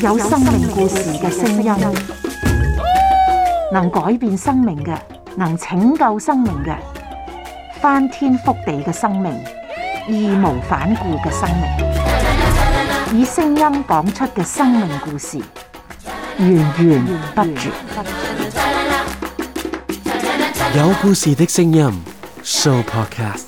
有生命故事嘅聲音，能改變生命嘅，能拯救生命嘅，翻天覆地嘅生命，義無反顧嘅生命，以聲音講出嘅生命故事，源源不絕。有故事嘅聲音，Show Podcast。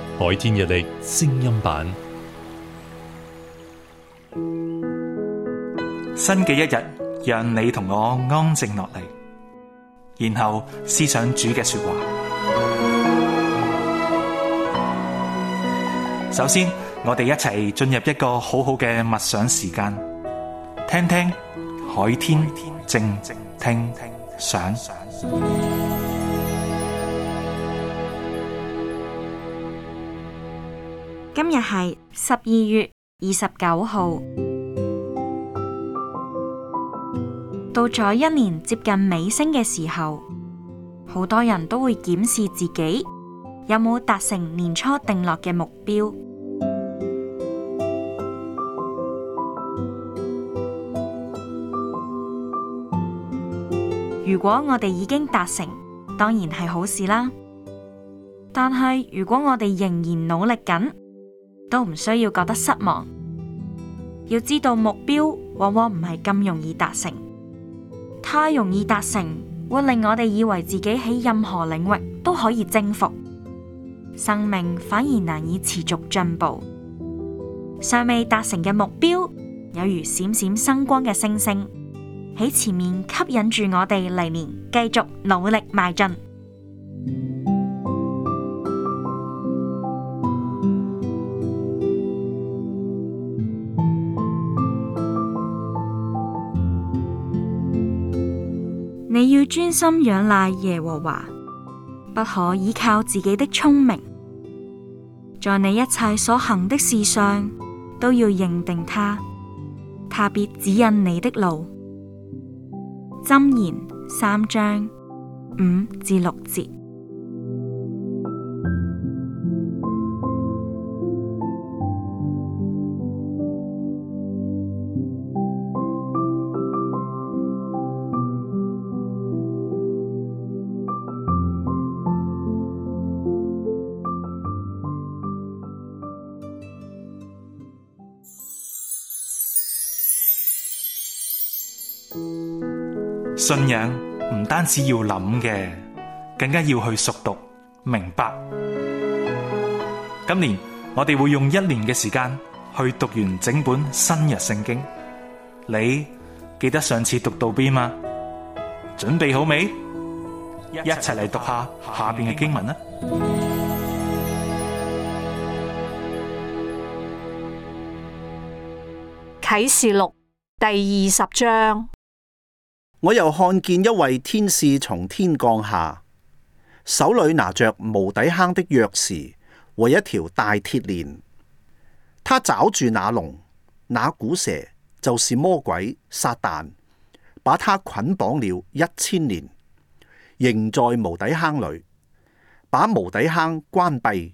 海天日曆聲音版，新嘅一日，讓你同我安靜落嚟，然後思想主嘅說話。首先，我哋一齊進入一個好好嘅默想時間，聽聽海天靜靜，聽想。今日係十二月二十九號，到咗一年接近尾聲嘅時候，好多人都會檢視自己有冇達成年初定落嘅目標。如果我哋已經達成，當然係好事啦。但係如果我哋仍然努力緊，都唔需要覺得失望，要知道目標往往唔係咁容易達成。太容易達成，會令我哋以為自己喺任何領域都可以征服，生命反而難以持續進步。尚未達成嘅目標，有如閃閃生光嘅星星，喺前面吸引住我哋，嚟年繼續努力邁進。要專心仰賴耶和華，不可倚靠自己的聰明。在你一切所行的事上，都要認定他，他必指引你的路。箴言三章五至六節。信仰唔單止要諗嘅，更加要去熟讀明白。今年我哋會用一年嘅時間去讀完整本新約聖經。你記得上次讀到邊嗎？準備好未？一齊嚟讀下下邊嘅經文啊！啟示錄第二十章。我又看見一位天使從天降下，手裏拿着無底坑的鑰匙和一條大鐵鏈。他抓住那龍、那古蛇，就是魔鬼撒但，把他捆綁了一千年，扔在無底坑裏。把無底坑關閉，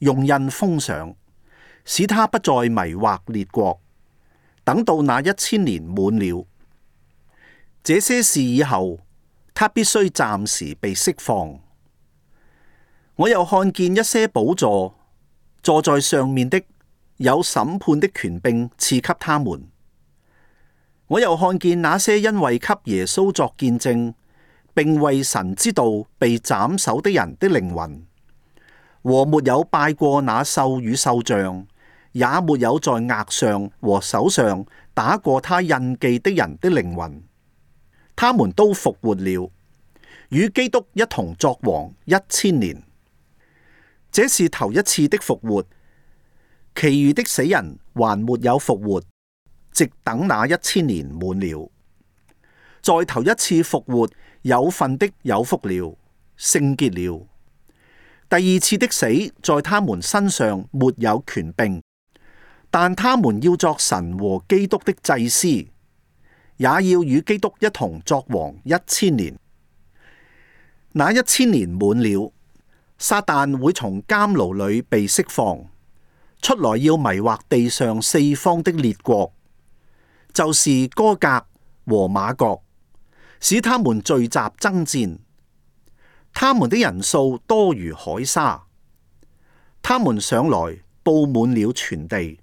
用印封上，使他不再迷惑列國。等到那一千年滿了。這些事以後，他必須暫時被釋放。我又看見一些寶座坐在上面的，有審判的權柄賜給他們。我又看見那些因為給耶穌作見證，並為神之道被斬首的人的靈魂，和沒有拜過那獸與獸像，也沒有在額上和手上打過他印記的人的靈魂。他們都復活了，與基督一同作王一千年。這是頭一次的復活，其餘的死人還沒有復活，直等那一千年滿了，在頭一次復活，有份的有福了，聖潔了。第二次的死在他們身上沒有權柄，但他們要作神和基督的祭司。也要與基督一同作王一千年。那一千年滿了，撒旦會從監牢裏被釋放出來，要迷惑地上四方的列國，就是歌革和瑪各，使他們聚集爭戰。他們的人數多如海沙，他們上來布滿了全地，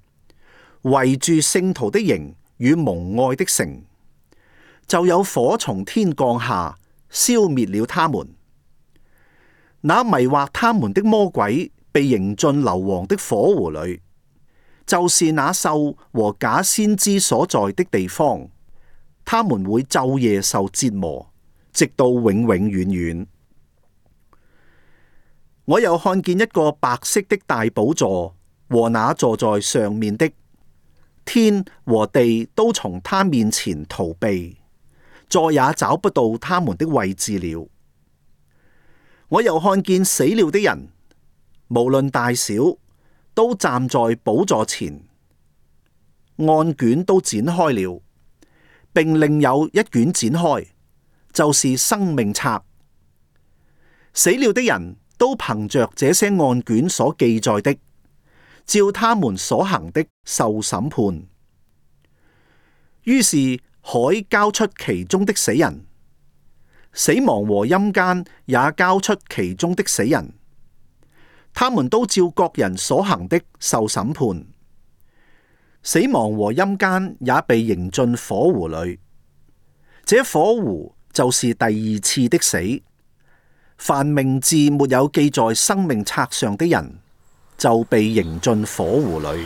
圍住聖徒的營與蒙愛的城。就有火從天降下，消滅了他們。那迷惑他們的魔鬼被迎進硫磺的火湖裏，就是那獸和假先知所在的地方。他們會晝夜受折磨，直到永永遠遠。我又看見一個白色的大寶座和那坐在上面的天和地都從他面前逃避。再也找不到他們的位置了。我又看見死了的人，無論大小，都站在寶座前，案卷都展開了，並另有一卷展開，就是生命冊。死了的人，都憑着這些案卷所記載的，照他們所行的受審判。於是……海交出其中的死人，死亡和陰間也交出其中的死人，他們都照各人所行的受審判。死亡和陰間也被迎進火湖裏，這火湖就是第二次的死。凡名字沒有記在生命冊上的人，就被迎進火湖裏。